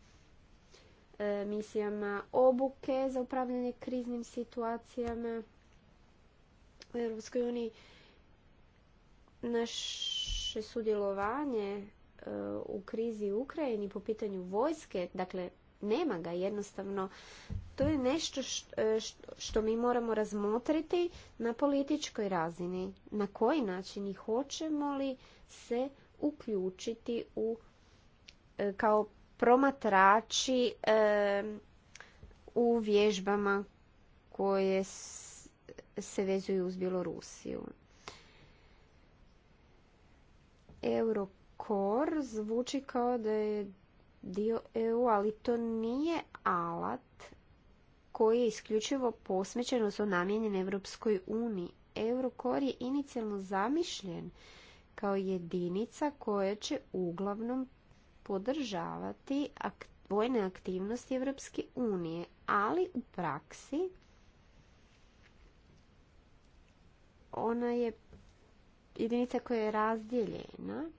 e, misijama obuke za upravljanje kriznim situacijama, u Europskoj uniji naše sudjelovanje e, u krizi u Ukrajini po pitanju vojske, dakle nema ga jednostavno. To je nešto e, što, mi moramo razmotriti na političkoj razini. Na koji način i hoćemo li se uključiti u e, kao promatrači u vježbama koje se vezuju uz Bjelorusiju. Eurokor zvuči kao da je dio EU, ali to nije alat koji je isključivo posmećen odnosno namijenjen Evropskoj uniji. Eurokor je inicijalno zamišljen kao jedinica koja će uglavnom podržavati vojne aktivnosti Evropske unije, ali u praksi ona je jedinica koja je razdjeljena.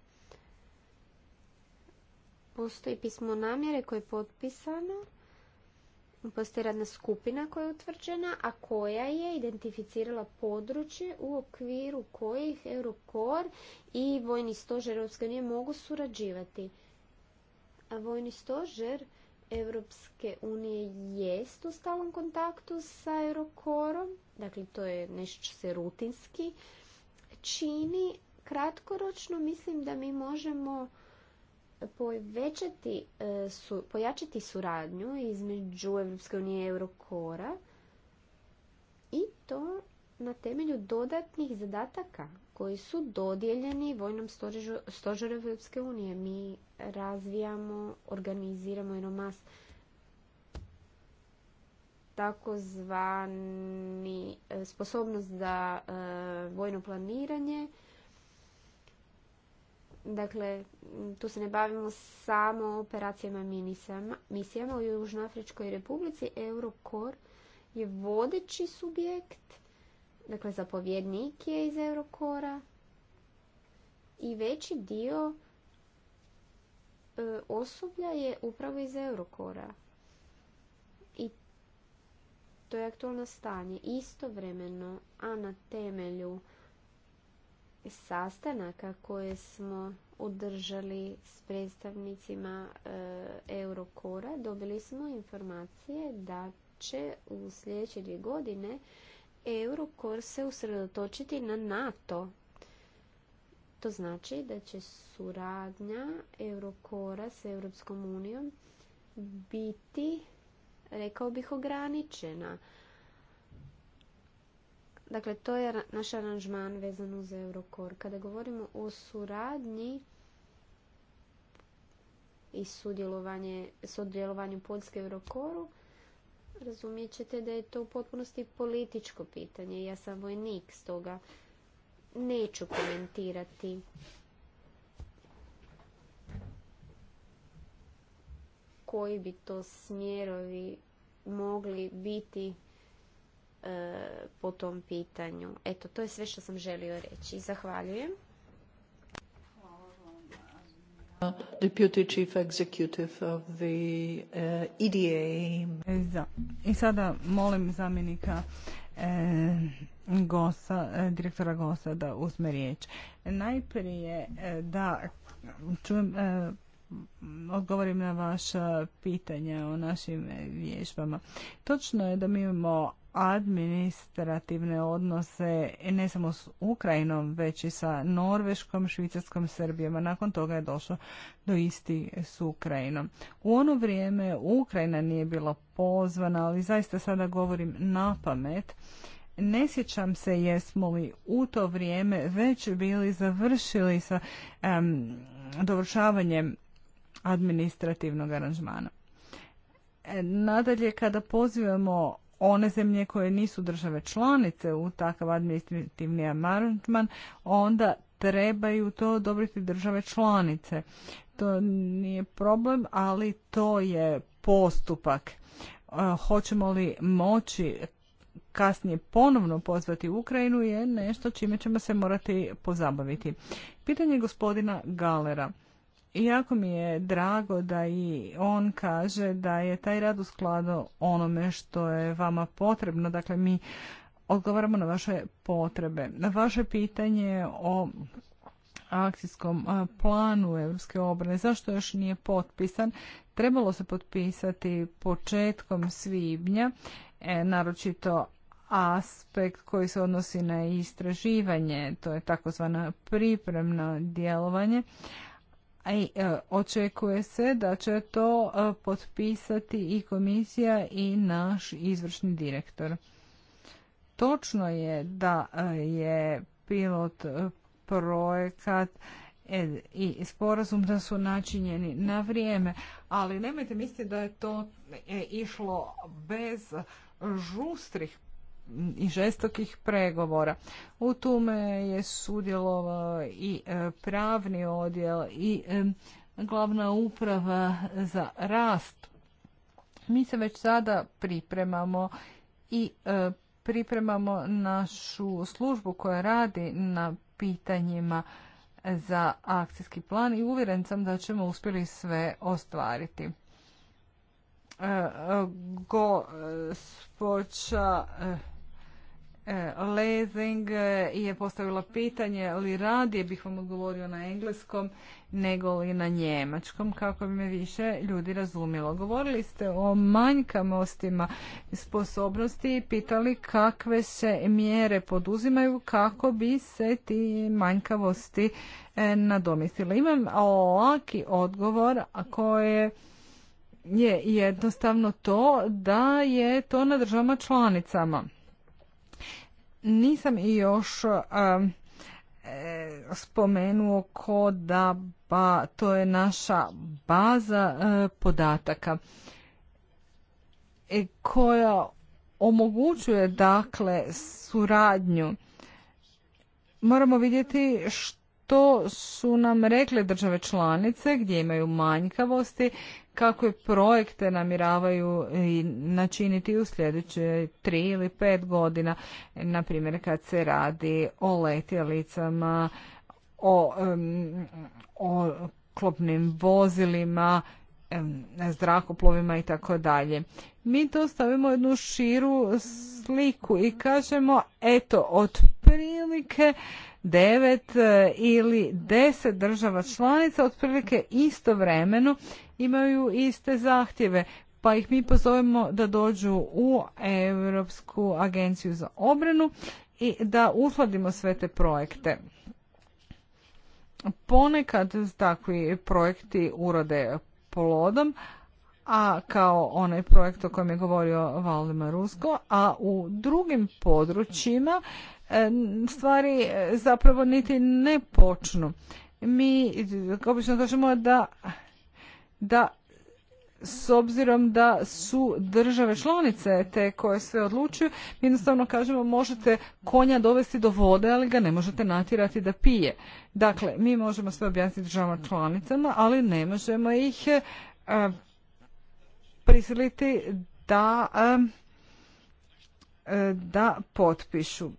Postoji pismo namjere koje je potpisano, postoji radna skupina koja je utvrđena, a koja je identificirala područje u okviru kojih Eurokor i vojni stožer Europske mogu surađivati. A vojni stožer Europske unije jest u stalnom kontaktu sa Eurokorom, dakle to je nešto što se rutinski čini. Kratkoročno mislim da mi možemo povećati, e, pojačati suradnju između Europske unije i Eurokora i to na temelju dodatnih zadataka koji su dodijeljeni vojnom stožeru, stožeru Evropske unije. Mi razvijamo, organiziramo jedno takozvani e, sposobnost za e, vojno planiranje. Dakle, tu se ne bavimo samo operacijama i misijama u Južnoafričkoj republici. Eurokor je vodeći subjekt Dakle, zapovjednik je iz Eurokora i veći dio e, osoblja je upravo iz Eurokora. I to je aktualno stanje. Istovremeno, a na temelju sastanaka koje smo održali s predstavnicima e, Eurokora, dobili smo informacije da će u sljedeće dvije godine Eurokor se usredotočiti na NATO. To znači da će suradnja Eurokora s Europskom unijom biti, rekao bih, ograničena. Dakle, to je naš aranžman vezan uz Eurokor. Kada govorimo o suradnji i sudjelovanju Poljske Eurokoru, Razumjet ćete da je to u potpunosti političko pitanje. Ja sam vojnik, stoga neću komentirati koji bi to smjerovi mogli biti e, po tom pitanju. Eto, to je sve što sam želio reći. Zahvaljujem. Deputy Chief Executive of the uh, EDA. E, I sada molim zamjenika e, Gosa, e, direktora Gosa da uzme riječ. Najprije da čujem e, odgovorim na vaša pitanja o našim vježbama. Točno je da mi imamo administrativne odnose ne samo s Ukrajinom, već i sa Norveškom, Švicarskom, Srbijom, nakon toga je došlo do isti s Ukrajinom. U ono vrijeme Ukrajina nije bila pozvana, ali zaista sada govorim na pamet. Ne sjećam se jesmo li u to vrijeme već bili završili sa dovršavanjem administrativnog aranžmana. E, nadalje, kada pozivamo one zemlje koje nisu države članice u takav administrativni aranžman, onda trebaju to odobriti države članice. To nije problem, ali to je postupak. E, hoćemo li moći kasnije ponovno pozvati Ukrajinu je nešto čime ćemo se morati pozabaviti. Pitanje gospodina Galera. Jako mi je drago da i on kaže da je taj rad u skladu onome što je vama potrebno. Dakle, mi odgovaramo na vaše potrebe. Na vaše pitanje o akcijskom planu Europske obrane, zašto još nije potpisan, trebalo se potpisati početkom svibnja, e, naročito aspekt koji se odnosi na istraživanje, to je takozvano pripremno djelovanje, i e, očekuje se da će to e, potpisati i komisija i naš izvršni direktor. Točno je da e, je pilot projekat i sporazum da su načinjeni na vrijeme, ali nemojte misliti da je to išlo bez žustrih i žestokih pregovora. U tome je sudjelovao i e, pravni odjel i e, glavna uprava za rast. Mi se već sada pripremamo i e, pripremamo našu službu koja radi na pitanjima za akcijski plan i uvjeren sam da ćemo uspjeli sve ostvariti. spoča E, Lezing e, je postavila pitanje, ali radije bih vam odgovorio na engleskom nego li na njemačkom, kako bi me više ljudi razumjelo. Govorili ste o manjkavostima sposobnosti i pitali kakve se mjere poduzimaju kako bi se ti manjkavosti e, nadomislile. Imam ovaki odgovor koje je jednostavno to da je to na državama članicama nisam i još um, spomenuo koda, ba, to je naša baza e, podataka e, koja omogućuje dakle suradnju. Moramo vidjeti što to su nam rekle države članice gdje imaju manjkavosti je projekte namiravaju načiniti u sljedeće tri ili pet godina, na primjer kad se radi o letjelicama, o, o klopnim vozilima, zrakoplovima i tako dalje. Mi to stavimo jednu širu sliku i kažemo eto otprilike devet e, ili deset država članica otprilike istovremeno imaju iste zahtjeve pa ih mi pozovemo da dođu u Europsku agenciju za obranu i da uskladimo sve te projekte. Ponekad takvi projekti urode polodom a kao onaj projekt o kojem je govorio Valdemar Rusko, a u drugim područjima stvari e, zapravo niti ne počnu. Mi obično kažemo da, da s obzirom da su države članice te koje sve odlučuju, jednostavno kažemo možete konja dovesti do vode, ali ga ne možete natjerati da pije. Dakle, mi možemo sve objasniti državama članicama, ali ne možemo ih e, prisiliti da e, da potpišu.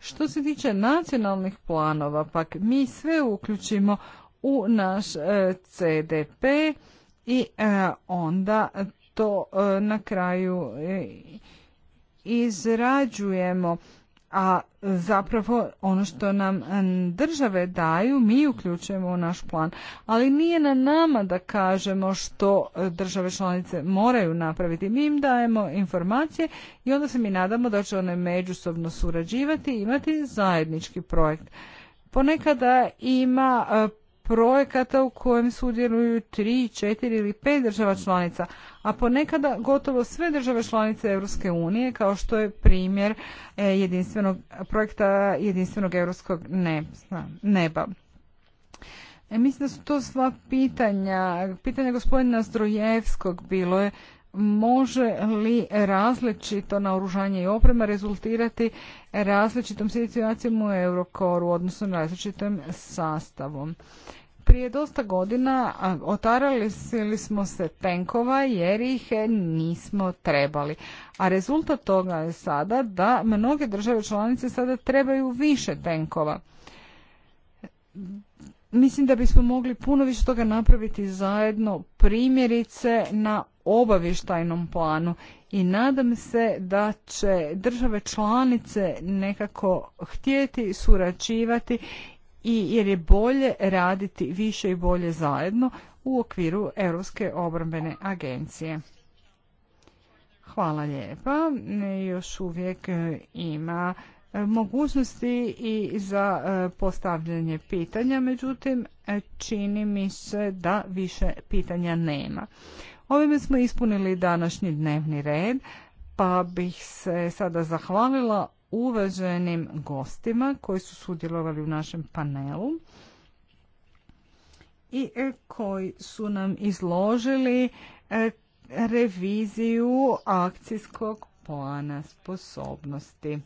Što se tiče nacionalnih planova, pak mi sve uključimo u naš e, CDP i e, onda to e, na kraju izrađujemo a zapravo ono što nam države daju mi uključujemo u naš plan ali nije na nama da kažemo što e, države članice moraju napraviti mi im dajemo informacije i onda se mi nadamo da će one međusobno surađivati i imati zajednički projekt ponekada ima e, projekata u kojem sudjeluju tri, četiri ili pet država članica, a ponekada gotovo sve države članice Europske unije, kao što je primjer e, jedinstvenog projekta jedinstvenog europskog neba. E, mislim da su to sva pitanja. Pitanje gospodina Zdrojevskog bilo je može li različito naoružanje i oprema rezultirati različitom situacijom u Eurokoru, odnosno različitom sastavom. Prije dosta godina otarali smo se tenkova jer ih nismo trebali. A rezultat toga je sada da mnoge države članice sada trebaju više tenkova Mislim da bismo mogli puno više toga napraviti zajedno, primjerice na obavještajnom planu i nadam se da će države članice nekako htjeti surađivati i jer je bolje raditi više i bolje zajedno u okviru Europske obrambene agencije. Hvala lijepa. Još uvijek ima E, mogućnosti i za e, postavljanje pitanja, međutim e, čini mi se da više pitanja nema. Ovime smo ispunili današnji dnevni red, pa bih se sada zahvalila uvaženim gostima koji su sudjelovali u našem panelu i koji su nam izložili reviziju akcijskog plana sposobnosti.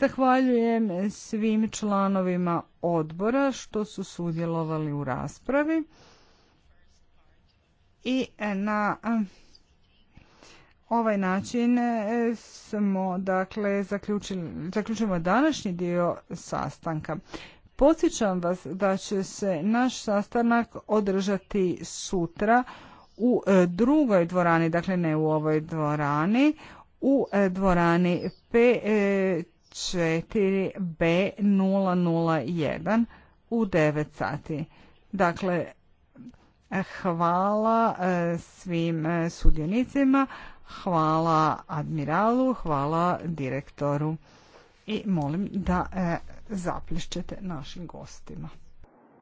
Zahvaljujem svim članovima odbora što su sudjelovali u raspravi i e, na ovaj način e, smo dakle zaključili, zaključujemo današnji dio sastanka. Podsjećam vas da će se naš sastanak održati sutra u e, drugoj dvorani, dakle ne u ovoj dvorani, u dvorani P 4B001 u 9 sati. Dakle, hvala e, svim e, sudionicima, hvala admiralu, hvala direktoru i molim da e, zaplišćete našim gostima.